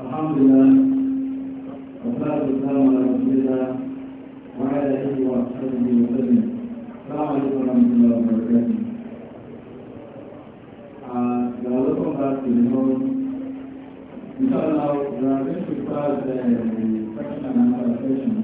الحمد لله والصلاة والسلام على رسول الله وعلى آله وأصحابه وسلم السلام عليكم ورحمة الله وبركاته لعلكم قد تدركون إن شاء الله we are going to start uh, the section and another section.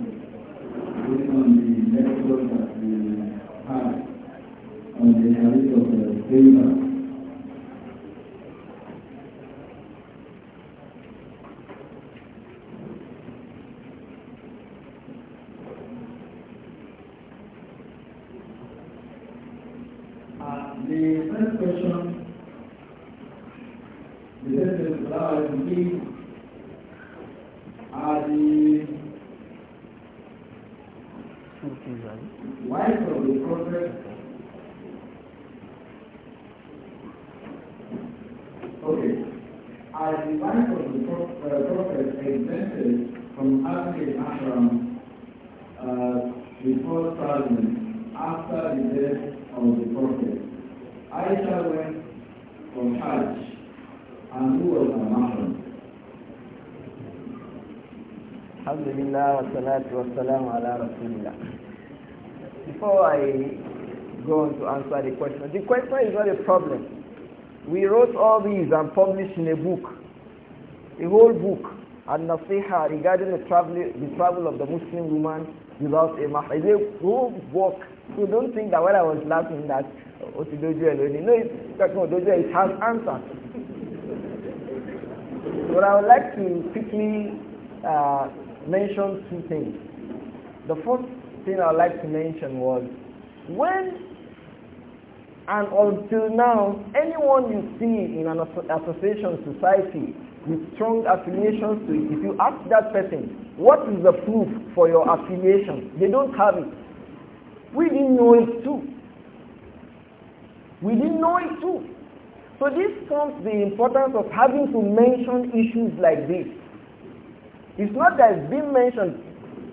والصلاة والسلام على رسول Before I go on to answer the question, the question is not a problem. We wrote all these and published in a book, a whole book, and nasiha regarding the travel, the travel of the Muslim woman without a mahram. It's a whole book. So don't think that when I was laughing that Otidoju oh, alone, no, it's talking about it has answers. But I would like to quickly uh, mentioned two things. The first thing I'd like to mention was when and until now, anyone you see in an association society with strong affiliations to it, if you ask that person, what is the proof for your affiliation? They don't have it. We didn't know it too. We didn't know it too. So this comes the importance of having to mention issues like this it's not that it's been mentioned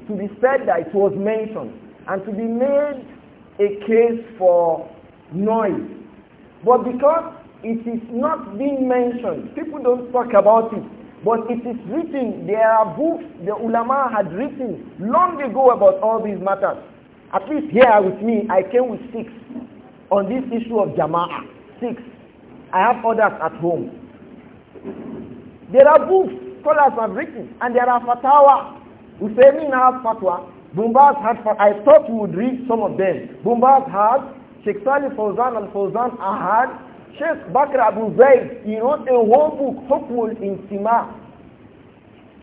to be said that it was mentioned and to be made a case for noise. But because it is not being mentioned, people don't talk about it. But it is written, there are books the ulama had written long ago about all these matters. At least here with me, I came with six on this issue of jama'ah. Six. I have others at home. There are books scholars have written, and there are fatwa. Usaimin has fatwa. Bumbas had fatwa. I thought you would read some of them. Bumbas had. Sheikh Salih Fawzan al-Fawzan Ahad. Sheikh Bakr Abu Zayd. He wrote a whole book, Hukmul Intima.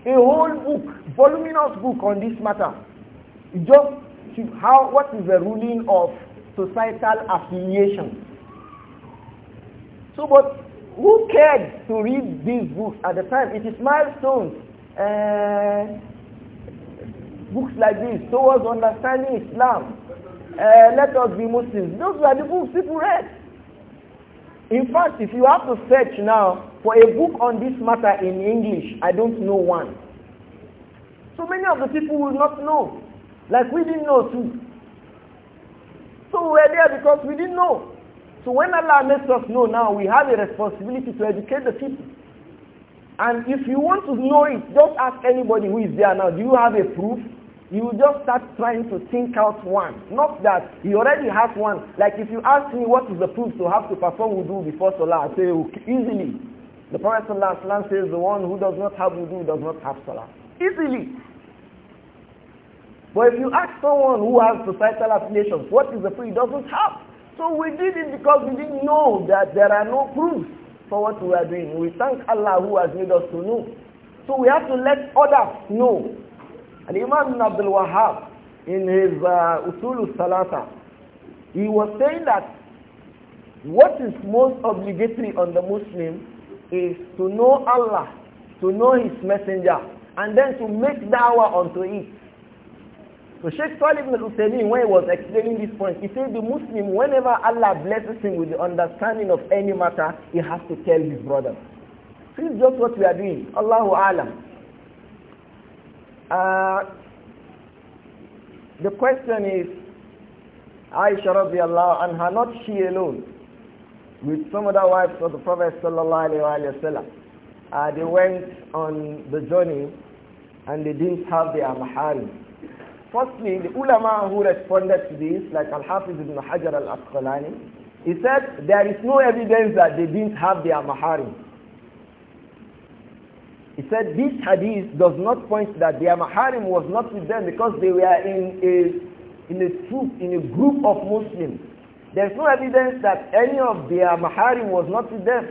A whole book, voluminous book on this matter. Just how, what is the ruling of societal affiliation? So, but who cared to read these books at the time? It is milestones. Uh, books like this towards understanding Islam. Uh, let us be Muslims. Those were the books people read. In fact, if you have to search now for a book on this matter in English, I don't know one. So many of the people will not know. Like we didn't know too. So we are there because we didn't know. So when Allah lets us know now, we have a responsibility to educate the people. And if you want to know it, just ask anybody who is there now, do you have a proof? You just start trying to think out one. Not that he already has one. Like if you ask me what is the proof to have to perform wudu before salah, I say oh, easily. The Prophet Salah says the one who does not have wudu does not have salah. Easily. But if you ask someone who has societal affiliations, what is the proof he doesn't have? So we did it because we didn't know that there are no proofs for what we are doing. We thank Allah who has made us to know. So we have to let others know. And Imam Abdul Wahab, in his uh, Usul Salata, he was saying that what is most obligatory on the Muslim is to know Allah, to know His Messenger, and then to make da'wah unto it. So Sheikh Talib ibn Uthaymeen, when he was explaining this point, he said the Muslim, whenever Allah blesses him with the understanding of any matter, he has to tell his brother. So this is just what we are doing. Allahu Alam. Uh, the question is, Aisha radiallahu anha, not she alone, with some other wives of the Prophet sallallahu alayhi wa uh, they went on the journey and they didn't have their maharim. Firstly, the ulama who responded to this, like Al-Hafiz ibn Hajar al-Asqalani, he said there is no evidence that they didn't have their maharim. He said this hadith does not point that their maharim was not with them because they were in a, in a troop, in a group of Muslims. There's no evidence that any of their maharim was not with them.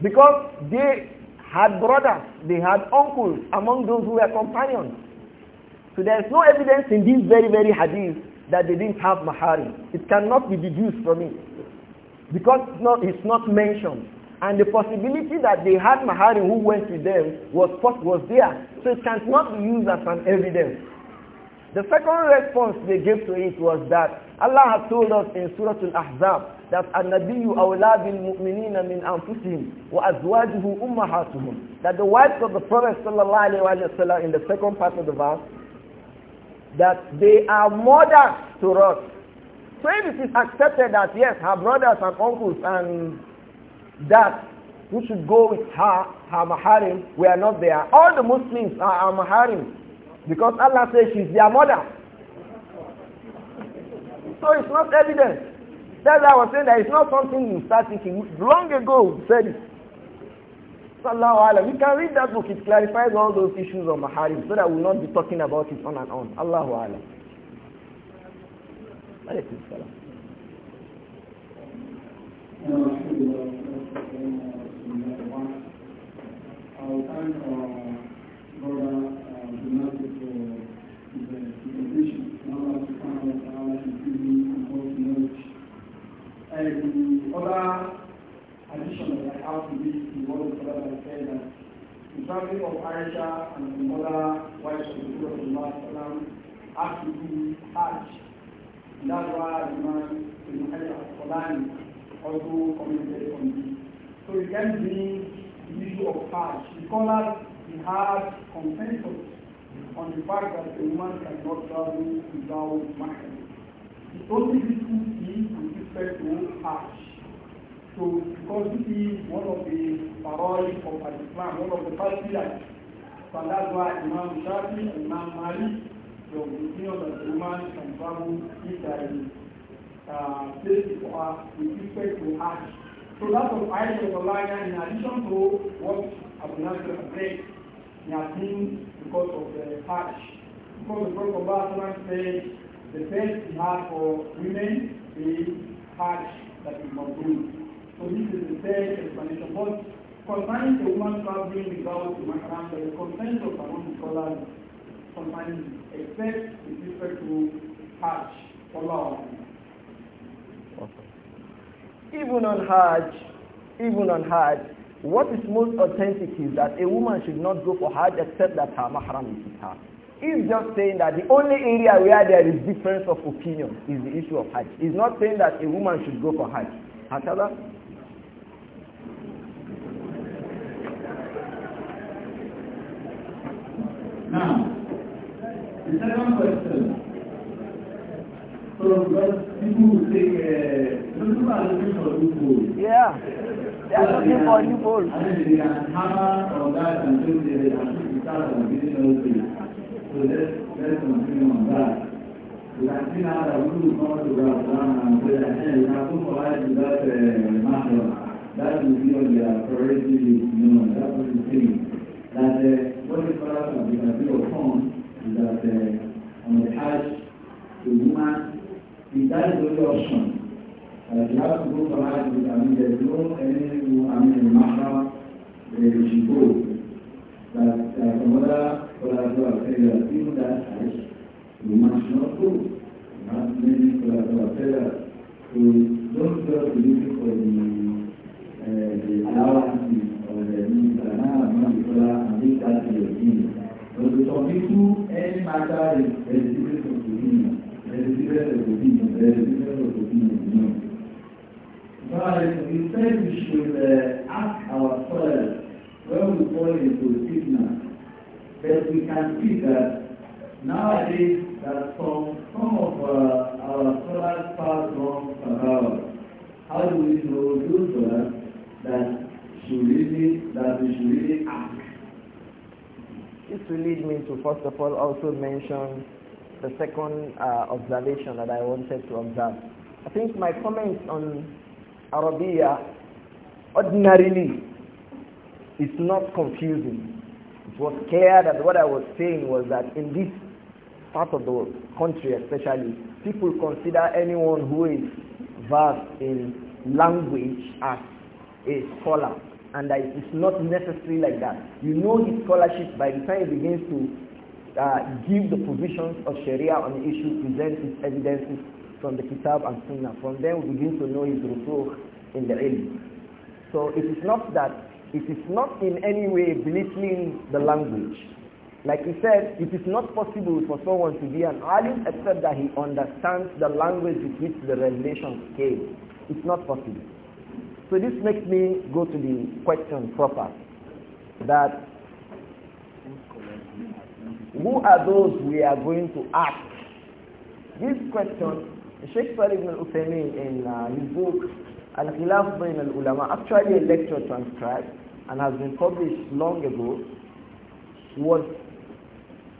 Because they had brothers, they had uncles among those who were companions. So there is no evidence in these very, very hadith that they didn't have mahari. It cannot be deduced from it because it's not, it's not mentioned. And the possibility that they had mahari who went with them was, was there. So it cannot be used as an evidence. The second response they gave to it was that Allah has told us in Surah Al-Ahzab that النبي أولى بالمؤمنين من أنفسهم وأزواجه أمهاتهم that the wives of the Prophet sallallahu alaihi wasallam in the second part of the verse that they are mothers to us. So if it is accepted that yes, her brothers and uncles and that who should go with her, her maharim, we are not there. All the Muslims are her maharim because Allah says she's their mother. So it's not evidence. That's why I was saying that it's not something you start thinking. Long ago, said it. Sallallahu You can read that book. It clarifies all those issues on Maharim so that we will not be talking about it on and on. Allahu Alam. Alaykum Salam. Uh, Thank uh, you. scholars have consensus on the fact that a woman cannot travel without mahram. The only difference is with respect to Hajj. So, because this is one of the paroles of Islam, one of the five so that's why Imam Shafi and Imam Mali, the opinion that a woman can travel if there is uh, place for her with respect to Hajj. So that's why I was in addition to what Abdullah afraid. He has been because of the Hajj. Because the Prophet Allah said the best he had for women is Hajj that is not good. So this is the third explanation. But concerning the woman traveling without the Mahram, there is consensus among the scholars concerning except with respect to for Allah. Even on Hajj, even on Hajj, what is most authentic is that a woman should not go for Hajj except that her mahram is with her. It's just saying that the only area where there is difference of opinion is the issue of Hajj. It's not saying that a woman should go for Hajj. Hakala? Now, the second question. So, because people will take uh, Yeah. They are looking for new goals. So let's, let's continue on for a bit of fun the only option ìyáàtúgbò fara ti àmì ẹ̀dùn ẹni ìlú àmì ìmáṣá ìṣìgbò àtàkọ̀mọ́dá kọlàtọ̀ àfẹ́yà tí ó dá àìsí ìmáṣá tó láti mẹ́rin kọlàtọ̀ àfẹ́yà tó lọ́pọ̀ ìlú kọ̀ ní ẹ̀ẹ́dẹ̀láwàtì ọ̀rẹ́ ní ìgbàná àmì ìkọlá àmì ìtàkì ẹ̀dùn lọ́pọ̀ bí tú we said we should uh, ask ourselves when we fall into sickness that we can see that nowadays that some, some of uh, our scholars pass wrong about how do we know those scholars that should really that we should really ask. This will lead me to first of all also mention the second uh, observation that I wanted to observe. I think my comments on Arabia ordinarily is not confusing. It was clear that what I was saying was that in this part of the country especially, people consider anyone who is versed in language as a scholar and that it is not necessarily like that. You know his scholarship by the time he begins to uh, give the provisions of Sharia on the issue, present his evidences, from the Kitab and Sunnah. From them we begin to know his rusukh in the ilm. So it is not that, it is not in any way belittling the language. Like he said, it is not possible for someone to be an alim except that he understands the language with which the revelation came. It's not possible. So this makes me go to the question proper that who are those we are going to ask? This question Sheikh Salih ibn Uthaymeen in uh, his book Al-Khilaf Bain al-Ulama, actually a lecture transcribed and has been published long ago, was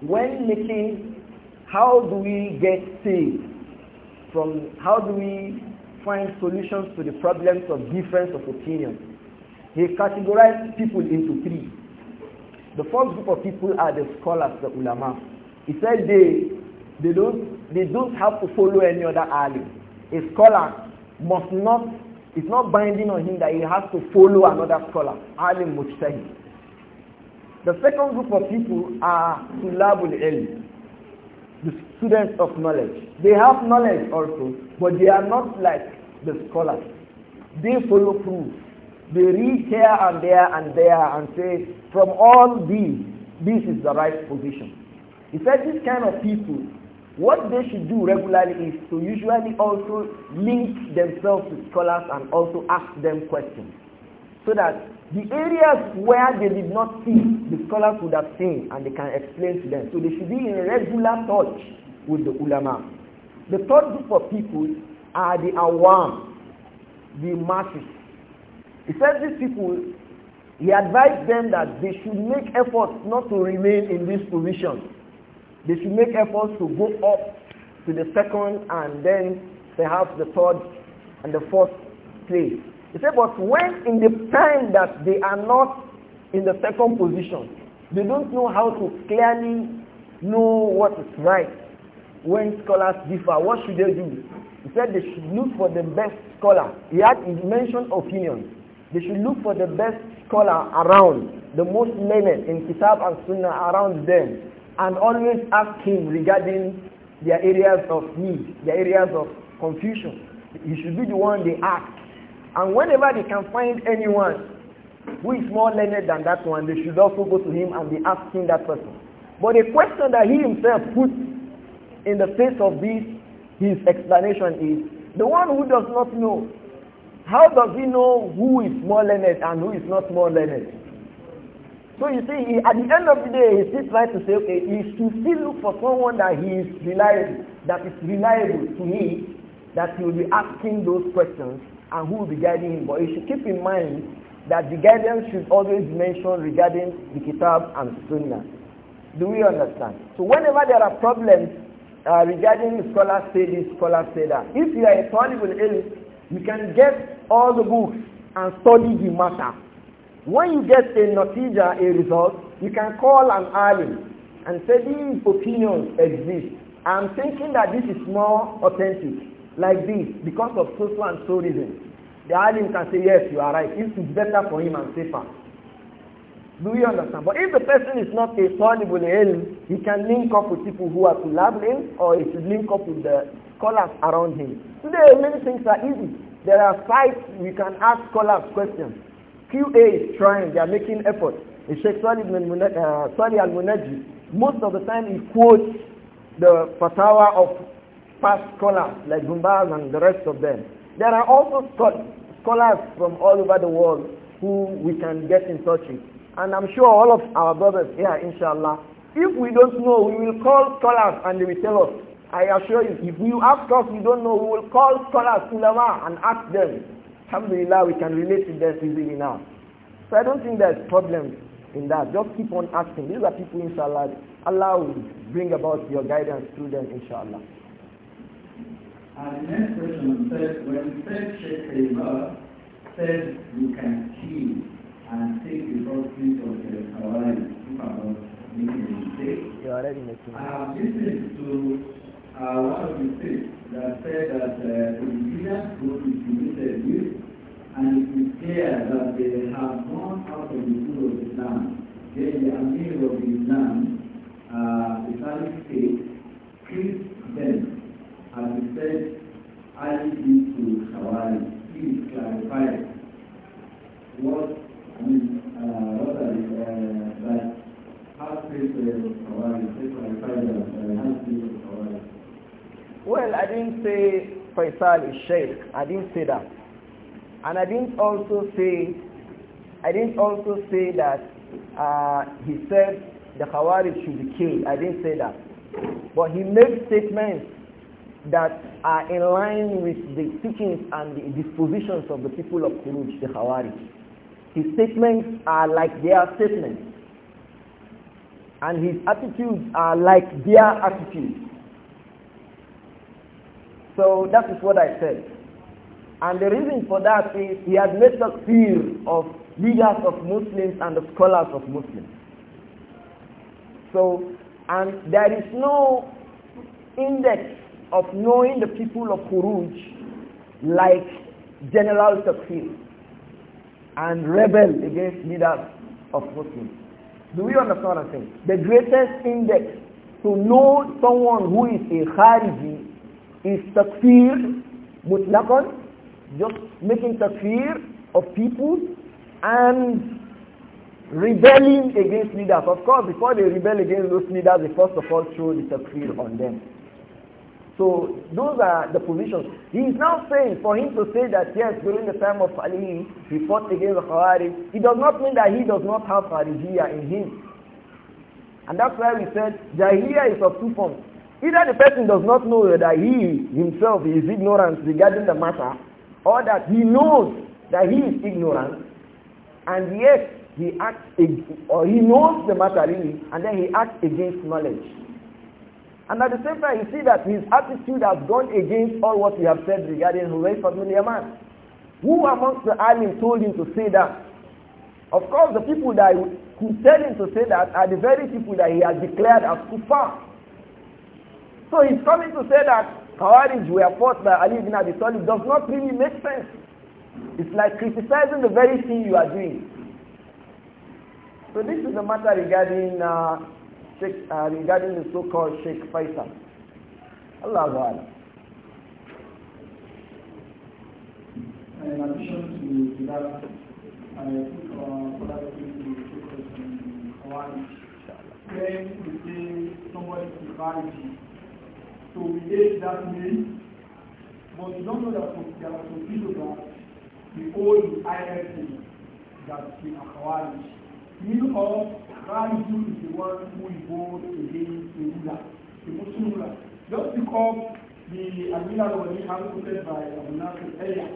when making how do we get saved from, how do we find solutions to the problems of difference of opinion. He categorized people into three. The first group of people are the scholars, the ulama. He said they, they don't they don't have to follow any other alim. A scholar must not, it's not binding on him that he has to follow another scholar, alim mujtahid. The second group of people are tulabul ilm, the students of knowledge. They have knowledge also, but they are not like the scholars. They follow proof. They read here and there and there and say, from all these, this is the right position. He said this kind of people, what they should do regularly is to usually also link themselves to scholars and also ask them questions. So that the areas where they did not see, the scholars would have seen and they can explain to them. So they should be in regular touch with the ulama. The third group of people are the awam, the masses. He said these people, he advised them that they should make efforts not to remain in this position they should make efforts to go up to the second and then perhaps the third and the fourth place. He said, but when in the time that they are not in the second position, they don't know how to clearly know what is right. When scholars differ, what should they do? He said they should look for the best scholar. He had mentioned opinions. They should look for the best scholar around, the most learned in Kitab and Sunnah around them and always ask him regarding their areas of need, their areas of confusion. He should be the one they ask. And whenever they can find anyone who is more learned than that one, they should also go to him and be asking that person. But the question that he himself puts in the face of this, his explanation is, the one who does not know, how does he know who is more learned and who is not more learned? So you see, he, at the end of the day, he still tries to say, okay, he should still look for someone that he is reliable, that is reliable to me, that he will be asking those questions and who will be guiding him. But you should keep in mind that the guidance should always be mentioned regarding the Kitab and Sunnah. Do we understand? So whenever there are problems uh, regarding scholar say this, scholar say that, if you are a tolerable elite, you can get all the books and study the matter when you get a natija, a result, you can call an alim and say these opinions exist. I'm thinking that this is more authentic, like this, because of social and so reason. The alim can say, yes, you are right. It is better for him and safer. Do you understand? But if the person is not a soluble alim, he can link up with people who are collabing, or he should link up with the scholars around him. Today, many things are easy. There are sites we can ask scholars questions. QA is trying, they are making effort. The Sheikh uh, Salih al-Munaji, most of the time he quotes the fatwa of past scholars like Gumbaz and the rest of them. There are also scholars from all over the world who we can get in touch with. And I'm sure all of our brothers here, inshallah, if we don't know, we will call scholars and they will tell us. I assure you, if you ask us, we don't know, we will call scholars, ulama, and ask them. Alhamdulillah, we can relate to them easily now. So I don't think there's problem in that. Just keep on asking. These are people, inshallah. Allah will bring about your guidance through them, inshallah. And the next question says, when said Sheikh said you can kill and take the properties of the Hawaii, you are already making a mistake. You are already making a mistake. to uh, one of the things that said that uh, the leaders who is committed with and it is clear that they have gone out of the rule of Islam. Then the amir of Islam, uh, Islamic State, treats them as he said, Ali did to Hawari. Please clarify what I mean, uh, what are the, uh, that has faith of Hawari, clarify that, uh, has been. Well, I didn't say Faisal is Sheikh. I didn't say that. And I didn't also say, I didn't also say that uh, he said the Khawarij should be killed. I didn't say that. But he made statements that are in line with the teachings and the dispositions of the people of Kuruj, the Khawarij. His statements are like their statements. And his attitudes are like their attitudes. So that is what I said. And the reason for that is he has made a fear of leaders of Muslims and the scholars of Muslims. So, and there is no index of knowing the people of Khuruj like general takfir and rebel against leaders of Muslims. Do we understand what I'm saying? The greatest index to know someone who is a Khariji is takfir mutlaqan, just making takfir of people and rebelling against leaders. Of course, before they rebel against those leaders, they first of all throw the takfir on them. So those are the positions. He is now saying for him to say that yes, during the time of Ali, he fought against the Khawarij. It does not mean that he does not have Khawarijiyah in him. And that's why we said Jahiliyyah is of two forms. Either the person does not know that he himself is ignorant regarding the matter, or that he knows that he is ignorant, and yet he acts, or he knows the matter really, and then he acts against knowledge. And at the same time, you see that his attitude has gone against all what we have said regarding Huwais Fatman man. Who amongst the army told him to say that? Of course, the people that who tell him to say that are the very people that he has declared as kuffar. So he's coming to say that Khawarij were forced by Ali ibn Abi Talib does not really make sense. It's like criticizing the very thing you are doing. So this is a matter regarding uh, Sheikh, uh, regarding the so-called Sheikh Faisal. Allah Akbar. in addition to that, I think uh, for that thing to focus on Khawarij. When we say somebody is Khawarij, to relate that name, but you don't know that there are some people that the old IFC that the Akhawari. Meaning of Raju is the one who is born against the ruler, the Muslim ruler. Just because the Amina Rwani has quoted by Abu Nasir earlier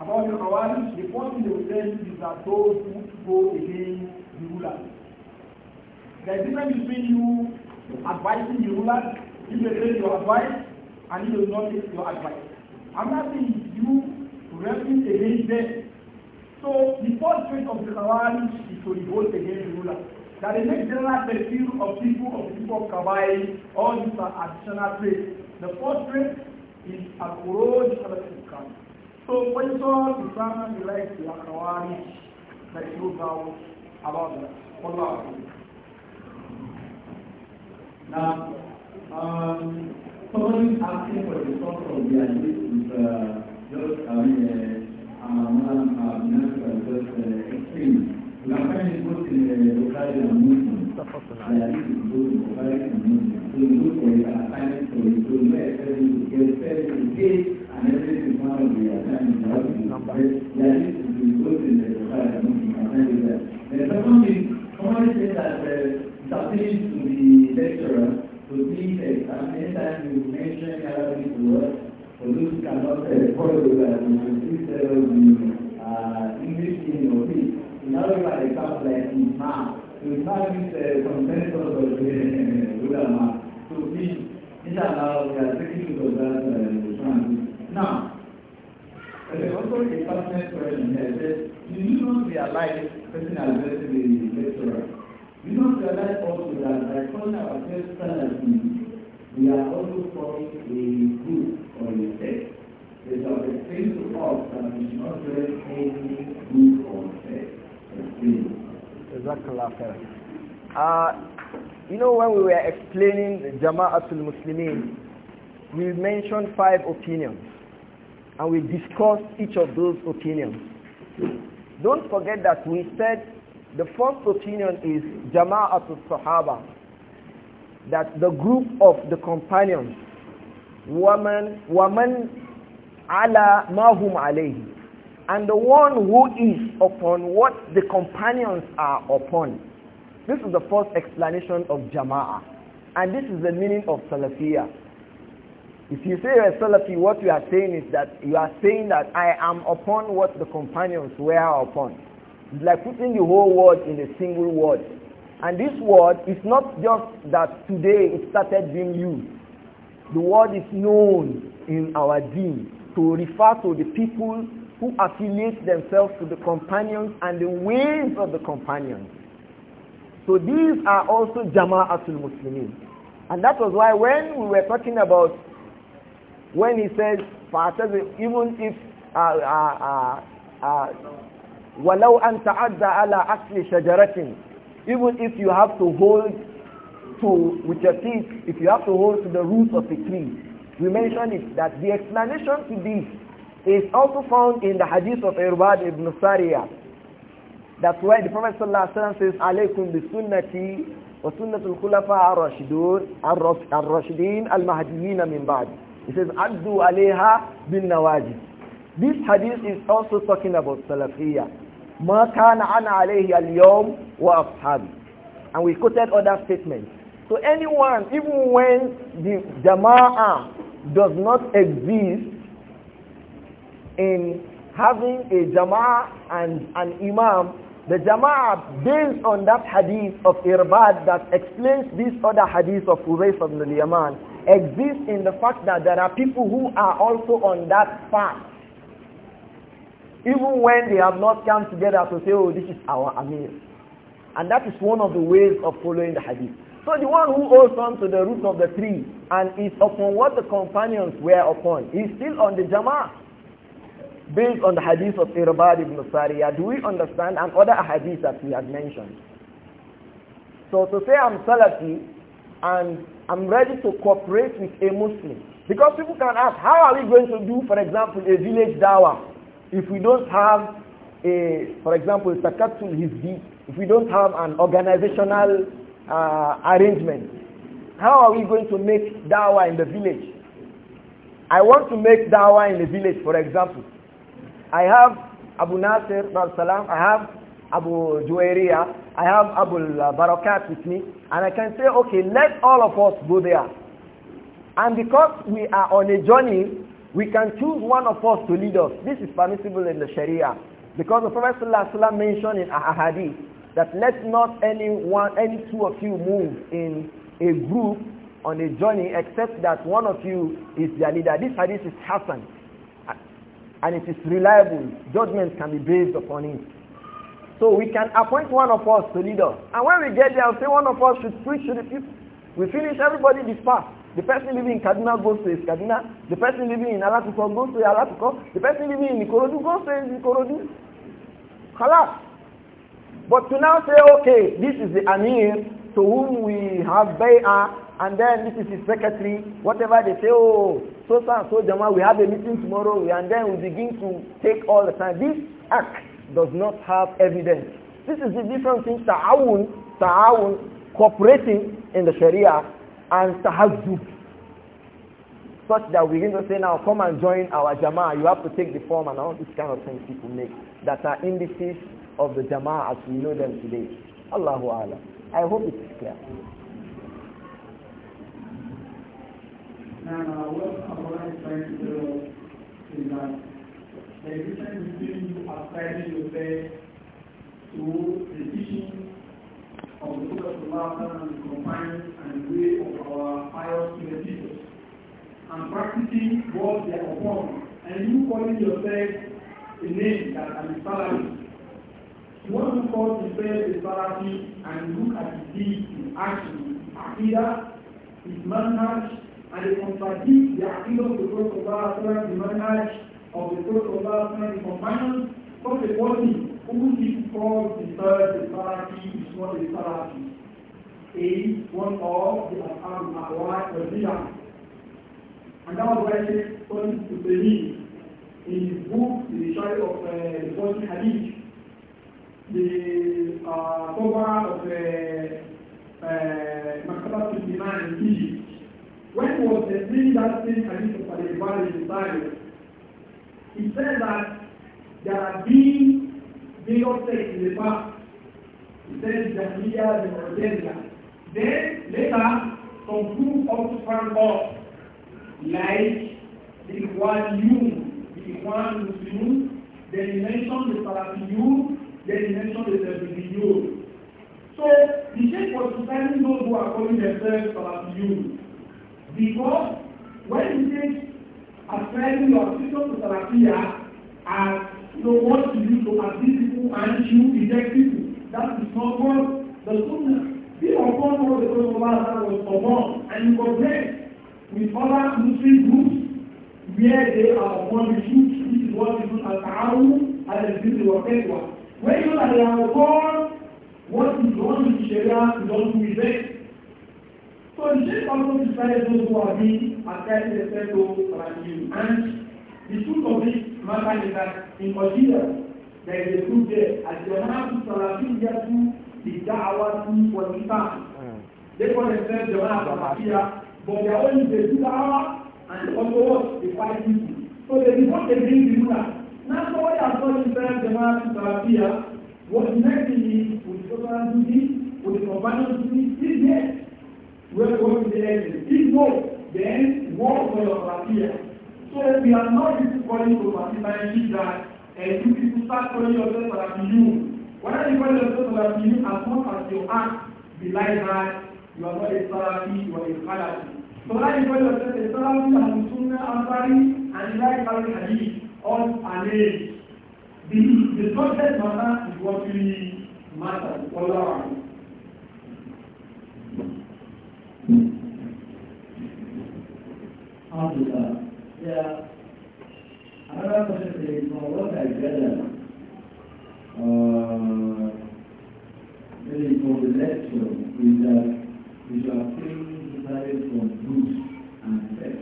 about the Khawarij, the first thing they will tell is that those who go against the ruler. The difference between you advising the ruler He may take your advice and he will not take your advice. I'm not saying you rebel against them. So the first trait of the Khawarij is to revolt against the ruler. That the next general appeal of people of people of Kabbalah, all these are additional traits. The fourth trait is a quroj al-Islam. So when you saw Islam and the likes of Khawarij, that you know about that. Allah. Now, um, somebody is asking for the source of the idea is uh, just, I mean, uh, uh, uh, uh just uh, extreme. We are is both in the local Muslim. The idea is in Bukhari and So you look for it and uh, So you are to get and everything one of the assignments. The idea is both in the Bukhari and that. The second thing, somebody said that uh, it's to the lecturer so please, anytime you mention Arabic words, for those cannot uh, follow uh, please tell the uh, English in your feet. In other words, like So a consensus of the we are taking that uh, Now, there's also a pertinent question here. Do you not realize person addressing the lecturer? We don't realize also that by calling ourselves salaries, we are also forming a group or a sect. It the explained to us that we should not join any group or sect. Exactly. Uh, you know, when we were explaining Jama'atul Muslimin, we mentioned five opinions and we discussed each of those opinions. Don't forget that we said the first opinion is Jama'atul Sahaba, that the group of the companions, woman, woman ala mahum alayhi, and the one who is upon what the companions are upon. This is the first explanation of Jama'ah. And this is the meaning of Salafiyah. If you say a Salafi, what you are saying is that you are saying that I am upon what the companions were upon. It's like putting the whole word in a single word. And this word is not just that today it started being used. The word is known in our deen to refer to the people who affiliate themselves to the companions and the ways of the companions. So these are also Jama'atul Muslimin. And that was why when we were talking about when he says, even if uh, uh, uh, uh وَلَوْ أَنْ تَعَدَّ عَلَىٰ أَكْلِ shajaratin, Even if you have to hold to, with your teeth, if you have to hold to the roots of the tree. We mentioned it, that the explanation to this is also found in the hadith of Irwad ibn Sariyah. That's why the Prophet ﷺ says, "Alaykum bi sunnati wa sunnatul khulafa ar-rashidun ar-rashidin al-mahdiyyin min ba'd." He says, "Addu alayha bin nawajib." This hadith is also talking about salafiyah ma kana ana alayhi al wa ashabi and we quoted other statements so anyone even when the jama'ah does not exist in having a jama'ah and an imam the jama'ah based on that hadith of Irbad that explains this other hadith of Urayf ibn yaman exists in the fact that there are people who are also on that path even when they have not come together to say, oh, this is our Amir. And that is one of the ways of following the hadith. So the one who holds on to the root of the tree and is upon what the companions were upon is still on the Jama'ah. Based on the hadith of Irbad ibn Sariya, do we understand and other hadiths that we have mentioned? So to say I'm Salafi and I'm ready to cooperate with a Muslim. Because people can ask, how are we going to do, for example, a village dawah? If we don't have a, for example, Sakatul Hizbi, if we don't have an organizational uh, arrangement, how are we going to make dawah in the village? I want to make dawah in the village, for example. I have Abu Nasir, Salam, I have Abu Juwairia, I have Abu Barakat with me, and I can say, okay, let all of us go there. And because we are on a journey, we can choose one of us to lead us. This is permissible in the Sharia. Because the Prophet ﷺ mentioned in a hadith that let not any one, any two of you move in a group on a journey except that one of you is their leader. This hadith is Hassan and it is reliable. Judgment can be based upon it. So we can appoint one of us to lead us. And when we get there, I'll say one of us should preach to the people. We finish, everybody disperse. The person living in Kaduna goes to Kaduna. The person living in Alakuko goes to Alakuko. The person living in Ikorodu goes to Ikorodu. Halas. But to now say, okay, this is the Amir to whom we have bay'ah, and then this is his secretary, whatever they say, oh, so so so Jama, we have a meeting tomorrow, and then we begin to take all the time. This act does not have evidence. This is the different thing, ta'awun, ta'awun, cooperating in the Sharia and tahajjud such that we begin to say now come and join our jama'ah you have to take the form and all these kind of things people make that are indices of the jama'ah as we know them today Allahu Akbar. I hope it is clear Now, what I want to try to do is that the difference between you ascribing yourself to the teaching of the Prophet and the companions and the way of our pious predecessors, and practicing what they are upon, and you calling yourself a name that an Salafi. You want to call yourself a Salafi and look at the deeds, his actions, his his manhaj, and they contradict the aqidah of the Prophet of the the manhaj of the Prophet of the companions, Consequently, who is called the third Salafi is not a Salafi. A one of the Afghan Ahwai And that was why Sheikh Solomon to the in his book, The Sharia of uh, the Bosnian Hadith, the uh, of the uh, uh, in Egypt. When was the thing that same Hadith of Al-Ibari decided? He said that There have been various sects in the past. Then later, some group also sprang up, like the Ikhwaniyun, the Ikhwan Muslimun. Then he mentioned the Salafiyun. Then he mentioned the Tabidiyun. So the Sheikh was deciding those who are calling themselves Salafiyun. Because when he says, ascribing your system to Salafiyah as you know what to do to appease people and you reject people. That is not God. The Sunnah. Be upon what the Prophet Allah was upon and you compare with other Muslim groups where they are born. the truth. This is what is known as Ta'awun and the Bidri wa Qadwa. When you are upon what is wrong in Sharia, you with them. So the Shaykh also decided those who are being attached to the to and the truth of it matter is that in Algeria, there is a group there, and they have to Salafiyya to the Da'awah to for Islam. They call themselves Jamaat Salafiyya, but they are only the Da'awah and also what? The five people. So they before they bring the ruler. Now somebody has called himself Jamaat Salafiyya, yourself like you. Whether you call yourself like you, as long as your act belies that, you are not a Salafi, you are a Khalafi. So whether you call yourself a Salafi, Ahlul Sunnah, Ansari, and you like Al Hadith, all are names. The, the subject matter is what really matters. Allah. Alhamdulillah. Yeah. Another question is, what I get uh, maybe for the lecture is that we shall think decided from books and text,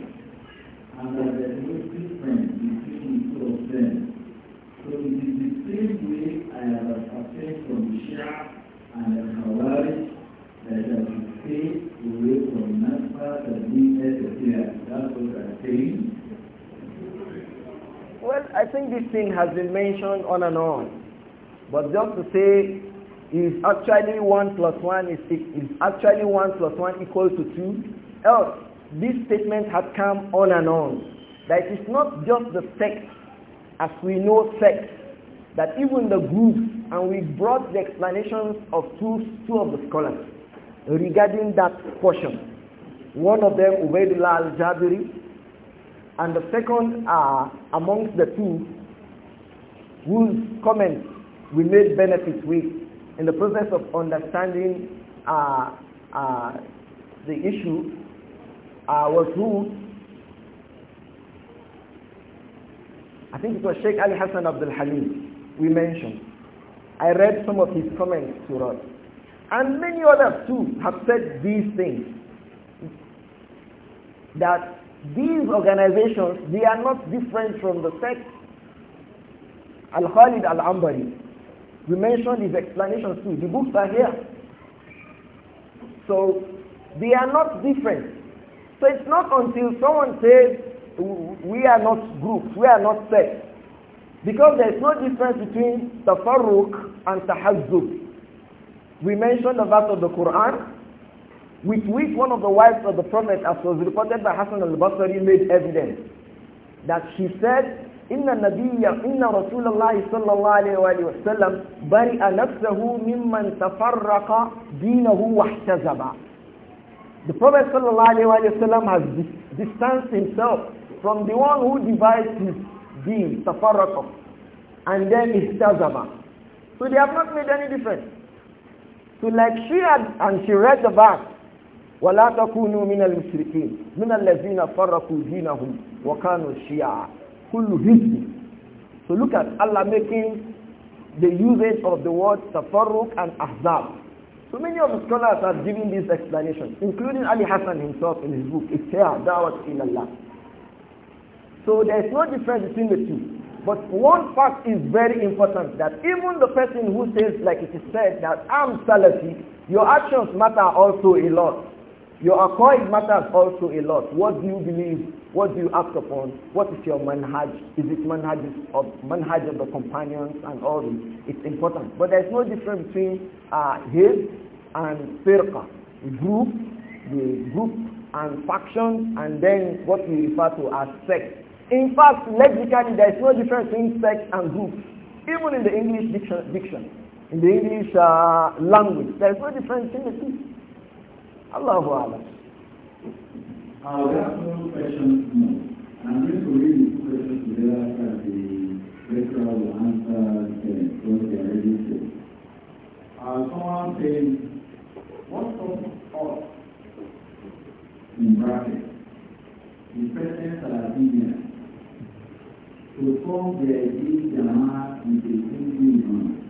and that there is no difference between the two of them. So it is the same way I have ascertained from the Shia and the Khawarij that I should stay away from Nasra that being necessary. That's what I'm saying. Well, I think this thing has been mentioned on and on. But just to say is actually 1 plus 1 is, is actually 1 plus 1 equal to 2, else this statement has come on and on. That it's not just the sex as we know sex, that even the groups, and we brought the explanations of two, two of the scholars regarding that portion. One of them, Ubaidullah al-Jabiri, and the second are uh, amongst the two whose comments we made benefits with in the process of understanding uh, uh, the issue uh, was who I think it was Sheikh Ali Hassan Abdul Halim we mentioned. I read some of his comments to us. And many others too have said these things. That these organizations, they are not different from the sect. Al-Khalid Al-Ambari, we mentioned his explanations too. The books are here. So they are not different. So it's not until someone says, we are not groups, we are not sects. Because there is no difference between tafarruq and tahazzub. We mentioned the verse of the Quran, with which one of the wives of the Prophet, as was reported by Hassan al-Basri, made evidence that she said, إن النبي إن رسول الله صلى الله عليه وآله وسلم برئ نفسه ممن تفرق دينه واحتزب The Prophet صلى الله عليه وآله وسلم has distanced himself from the one who divides his deen, تفرق and then احتزب So they have not made any difference. So like she had, and she read the verse, ولا تكونوا من المشركين من الذين فرقوا دينهم وكانوا شيعا kullu hizbi. So look at Allah making the usage of the words tafarruq and ahzab. So many of the scholars are giving this explanation, including Ali Hassan himself in his book, Ikhtiar, Dawat Allah. So there is no difference between the two. But one fact is very important, that even the person who says, like it is said, that I'm Salafi, your actions matter also a lot. Your aqaid matters also a lot. What do you believe? What do you act upon? What is your manhaj? Is it manhaj of, manhaj of the companions and all this? It's important. But there's no difference between uh, his and firqa, group, the group and faction, and then what we refer to as sect. In fact, lexically, there is no difference between sect and group, even in the English diction. diction in the English uh, language, there is no difference between the two. Allahu Akbar. Uh, we have two questions I'm going to read these questions together so the lecturer will answer them because they are already said. Uh, someone says, what sort of in brackets, the president of India, to form the big Jamaat with a single imam?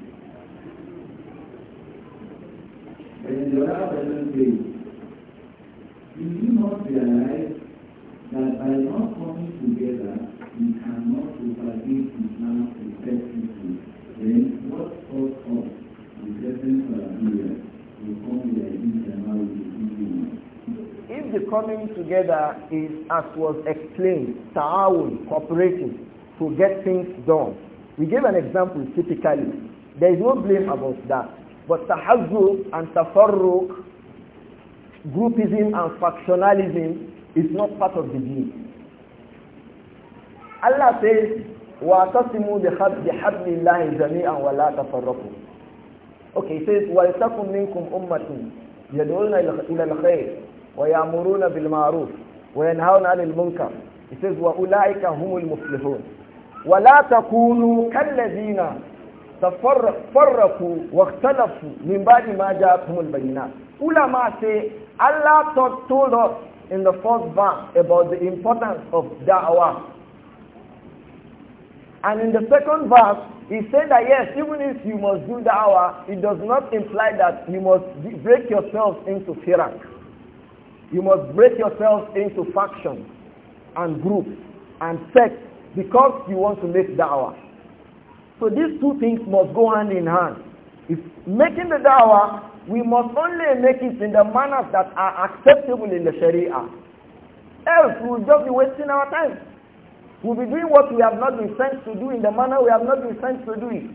And the other person says, do you not realize that by not coming together, we cannot propagate Islam effectively? Then what sort of the present Nigeria will come with the marriage If the coming together is, as was explained, ta'awun, cooperating to get things done. We gave an example typically. There is no blame about that. But tahazzu and tafarruq groupism and factionalism is not part of the deen. Allah says, وَاعْتَصِمُوا بِحَبْلِ اللَّهِ جَمِيعًا وَلَا تَفَرَّقُوا Okay, he says, وَلْتَكُمْ مِنْكُمْ أُمَّةٌ يَدْعُونَ إِلَى الْخَيْرِ وَيَأْمُرُونَ بِالْمَعْرُوفِ وَيَنْهَوْنَ عَنِ الْمُنْكَرِ He says, وَأُولَئِكَ هُمُ الْمُفْلِحُونَ وَلَا تَكُونُوا كَالَّذِينَ تَفَرَّقُوا وَاخْتَلَفُوا مِنْ بَعْدِ مَا جَاءَتْهُمُ الْبَيِّنَاتُ Ulama say Allah taught, told us in the first verse about the importance of da'wah. And in the second verse, he said that yes, even if you must do da'wah, it does not imply that you must break yourselves into firak. You must break yourselves into factions and groups and sects because you want to make da'wah. So these two things must go hand in hand. If making the da'wah we must only make it in the manners that are acceptable in the Sharia. Else we'll just be wasting our time. We'll be doing what we have not been sent to do in the manner we have not been sent to do it.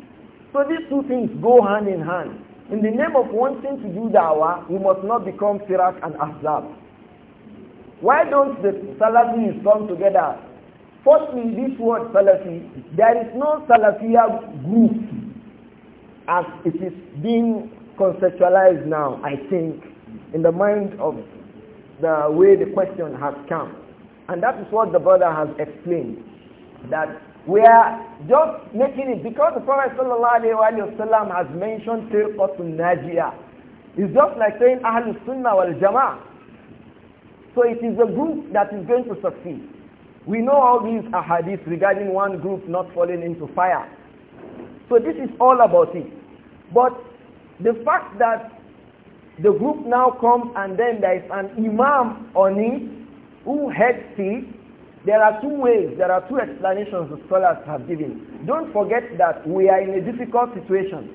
So these two things go hand in hand. In the name of wanting to do dawah, we must not become Firak and Ahzab. Why don't the Salafis come together? Firstly, this word Salafi, there is no Salafia group as it is being conceptualized now, I think, in the mind of the way the question has come. And that is what the brother has explained. That we are just making it because the Prophet wasallam has mentioned Tirqatun Najiyah. It's just like saying Ahlul Sunnah wal Jama'ah. So it is a group that is going to succeed. We know all these ahadith regarding one group not falling into fire. So this is all about it. But the fact that the group now comes and then there is an imam on it who heads it, there are two ways, there are two explanations the scholars have given. Don't forget that we are in a difficult situation.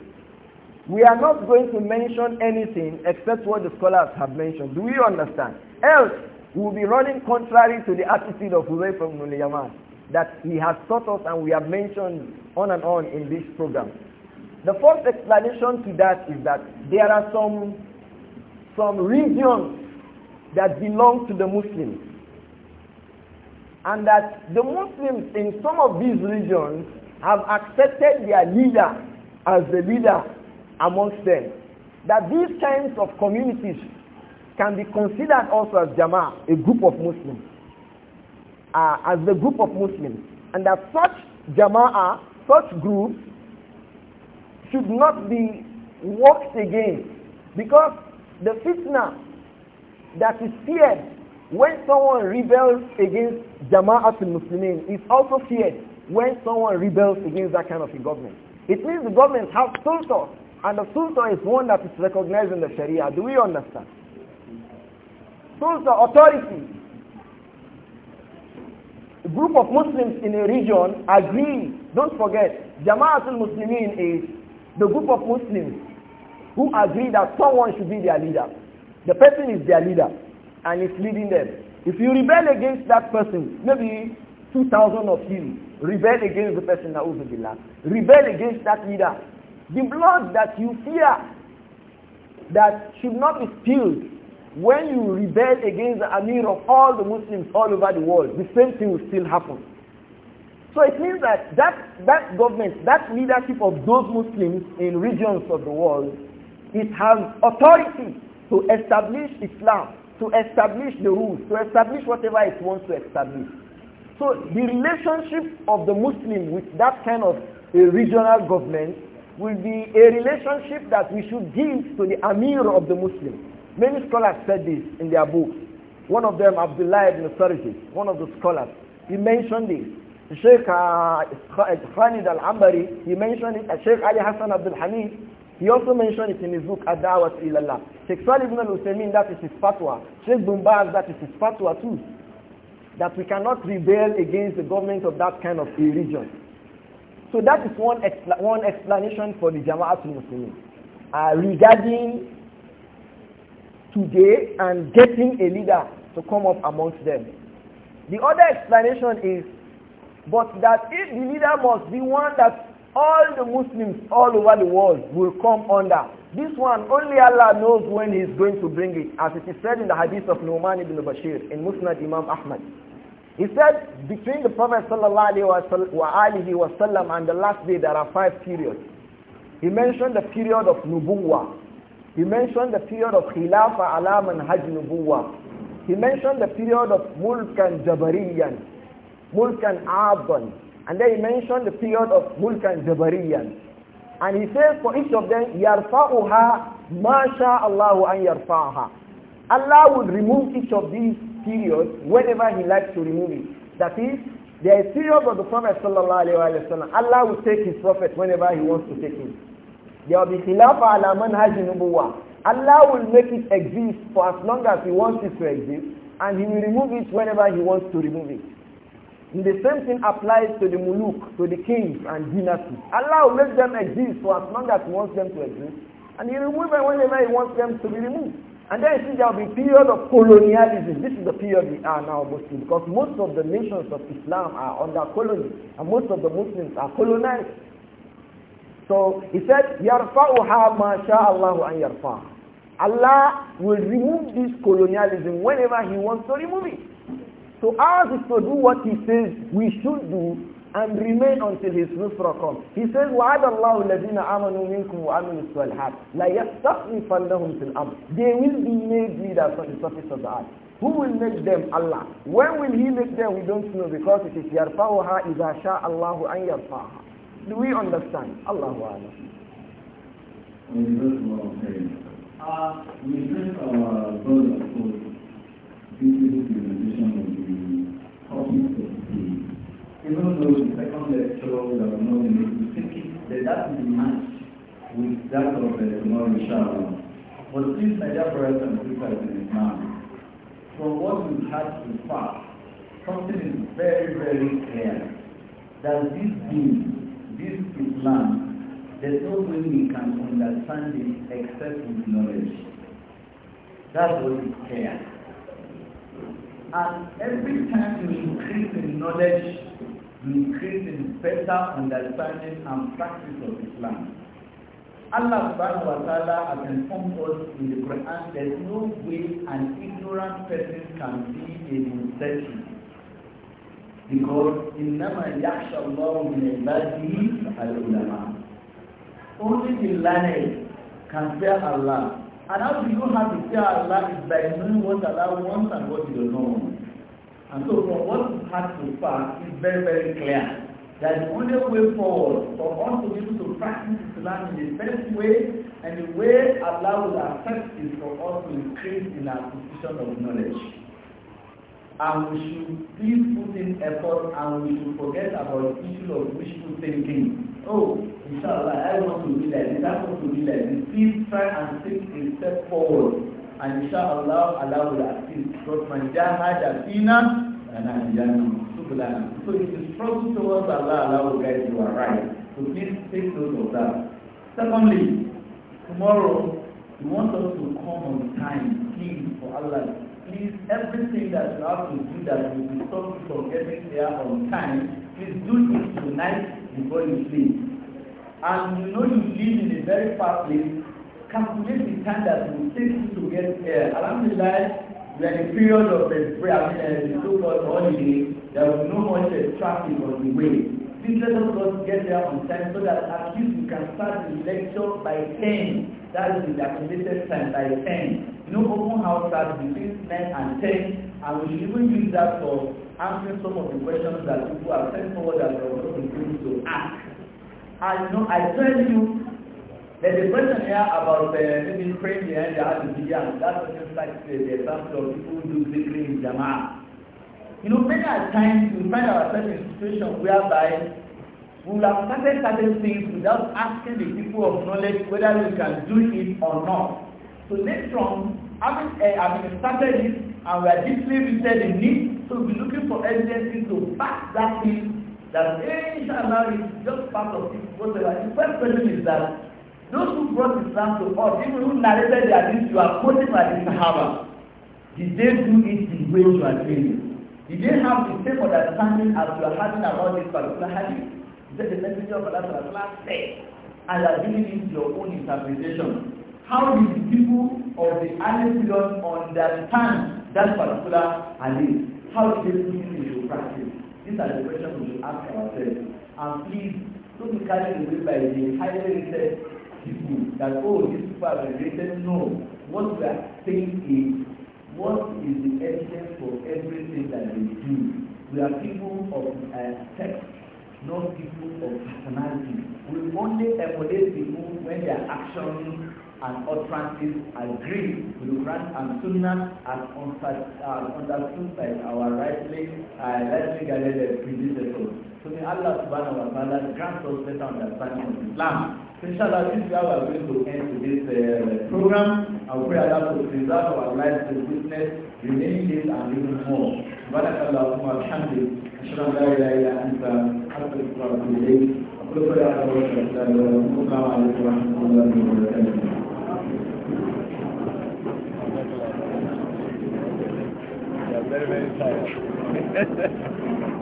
We are not going to mention anything except what the scholars have mentioned. Do you understand? Else, we will be running contrary to the attitude of Huzay from Yaman that he has taught us and we have mentioned on and on in this program. The first explanation to that is that there are some, some regions that belong to the Muslims. And that the Muslims in some of these regions have accepted their leader as the leader amongst them. That these kinds of communities can be considered also as Jama'ah, a group of Muslims, uh, as the group of Muslims. And that such Jama'ah, such groups, should not be worked again because the fitna that is feared when someone rebels against Jama'at al-Muslimin is also feared when someone rebels against that kind of a government. It means the government has sultan and the sultan is one that is recognized in the Sharia. Do we understand? Sultan, authority. A group of Muslims in a region agree. Don't forget, Jama'at al-Muslimin is the group of Muslims who agree that someone should be their leader. The person is their leader and is leading them. If you rebel against that person, maybe 2,000 of you rebel against the person that over the land. Rebel against that leader. The blood that you fear that should not be spilled when you rebel against the Amir of all the Muslims all over the world, the same thing will still happen. So it means that, that that government, that leadership of those Muslims in regions of the world, it has authority to establish Islam, to establish the rules, to establish whatever it wants to establish. So the relationship of the Muslim with that kind of a regional government will be a relationship that we should give to the Amir of the Muslim. Many scholars said this in their books. One of them, Abdullah ibn Sarjid, one of the scholars, he mentioned this. Sheikh uh, Khalid Al-Ambari, he mentioned it. Sheikh Ali Hassan Abdul Hamid, he also mentioned it in his book Ad-Dawat Ilallah. Sheikh Salih ibn al-Uthaymeen, that is his fatwa. Sheikh Bumbaz, that is his fatwa too. That we cannot rebel against the government of that kind of a region. So that is one, expla one explanation for the Jama'atul Muslimin. Uh, regarding today and getting a leader to come up amongst them. The other explanation is but that if the leader must be one that all the Muslims all over the world will come under. This one, only Allah knows when he is going to bring it, as it is said in the hadith of Nu'man ibn Bashir in Musnad Imam Ahmad. He said, between the Prophet sallallahu alaihi wasallam and the last day, there are five periods. He mentioned the period of Nubuwa. He mentioned the period of alam ala Hajj Nubuwa. He mentioned the period of Mulk and Jabariyan mulkan aban. And then he mentioned the period of mulkan jabariyan. And he says for each of them, yarfa'uha masha Allahu an yarfauha. Allah would remove each of these periods whenever he likes to remove it. That is, there is period of the Prophet sallallahu alaihi wasallam. Allah will take his prophet whenever he wants to take him. There will be khilafa ala manhaj nubuwa. Allah will make it exist for as long as he wants it to exist and he will remove it whenever he wants to remove it. The same thing applies to the muluk, to the kings and dynasties. Allah will make them exist for as long as He wants them to exist. And He removes them whenever He wants them to be removed. And then you see there will be a period of colonialism. This is the period we are now mostly because most of the nations of Islam are under colony and most of the Muslims are colonized. So he said, "Yarfa'uha, مَا شَاءَ yarfa." Allah will remove this colonialism whenever he wants to remove it. So ours is to do what he says we should do and remain until his nusra comes. He says, وَعَدَ اللَّهُ الَّذِينَ آمَنُوا مِنْكُمْ وَعَمِلُوا الصَّالِحَاتِ لَيَسْتَخْلِفَنَّهُم فِي الْأَرْضِ They will be made leaders on the surface of the earth. Who will make them? Allah. When will he make them? We don't know because it is يَرْفَعُهَا إِذَا شَاءَ اللَّهُ أَنْ يَرْفَعَهَا Do we understand? Allah Allahu Alam. Uh, we drink our brother for due to of community, even though the second lecture we have known is thinking that that will match with that of the tomorrow inshallah. But since Nigeria brothers and sisters in Islam, from what we've had so far, something is very, very clear that this being, this Islam, there's no way we can understand it except with knowledge. That's what is clear. And every time you increase in knowledge, you increase in better understanding and practice of Islam. Allah subhanahu wa ta'ala has informed us in the Quran there's no way an ignorant person can be a muttaqi. Because إِنَّمَا يَخْشَى اللَّهُ مِنْ عِبَادِهِ الْعُلَمَاءُ Only the learned can fear Allah And how do you have to fear Allah is by knowing what Allah wants and what He don't know. And so from what is hard to far is very, very clear that the only way forward for us to be able to practice Islam in the best way and the way Allah will accept is for us to increase in our position of knowledge. And we should please put in effort and we should forget about the issue of wishful thinking. oh, inshallah, I want to be like this, I want to be like this. Please try and take a step forward. And inshallah, Allah will assist. Because man jahada fina, and I subhana. So if you struggle towards Allah, Allah will guide you right. So please take note of that. Secondly, tomorrow, we want us to come on time, please, for Allah. Please, everything that you have to do that will stop you from getting there on time, please do it tonight before you sleep. And you know you live in a very far place, calculate the time that it will take you to get there. Alhamdulillah, we are in a period of the prayer, I mean, uh, the so-called holiday, there will be no much uh, traffic on the way. Please let us just get there on time so that at least we can start the lecture by 10. That is the accumulated time by 10. You know, open house starts between 9 and 10, and we should even use that for answering some of the questions that people have sent forward that they were not going to ask. I know I tell you there's a question here about uh, maybe praying behind the heart of Gideon. That person like uh, the example of people who do zikri in Jama'ah. You know, many a times we find ourselves in a situation whereby we will have started certain things without asking the people of knowledge whether we can do it or not. So later on, having, uh, having started this and we are deeply rooted in it, so we'll be looking for evidence to back that thing that eh, inshallah is just part of it, whatever. The first question is that those who brought Islam to us, even who narrated their hadith you are quoting by the Sahaba, did they do it the way you are doing it? Did they have the same understanding as you are having about this particular hadith? Is that the messenger of Allah said? And you are giving it your own interpretation. How did the people of the island period understand that particular hadith? How did they put it into practice? These are the questions we should ask ourselves. And please, don't be carried away by the highly rated people that, oh, these people are rated. No. What we are saying is, what is the evidence for everything that they do? We are people of uh, text, not people of personality. We only emulate people when their actions and utterances agree with the Quran and Sunnah as understood by our rightly, uh, rightly guided predecessors. So may Allah subhanahu wa ta'ala grant us better understanding of Islam. So inshallah, this is how we are going to end this uh, program. I pray Allah to preserve our lives to witness remaining days and even more. بارك اللهم وبحمدك أشهد أن لا إله إلا أنت أستغفرك وأتوب إليك أقول قولي هذا والسلام عليكم ورحمة الله وبركاته Very, very tired.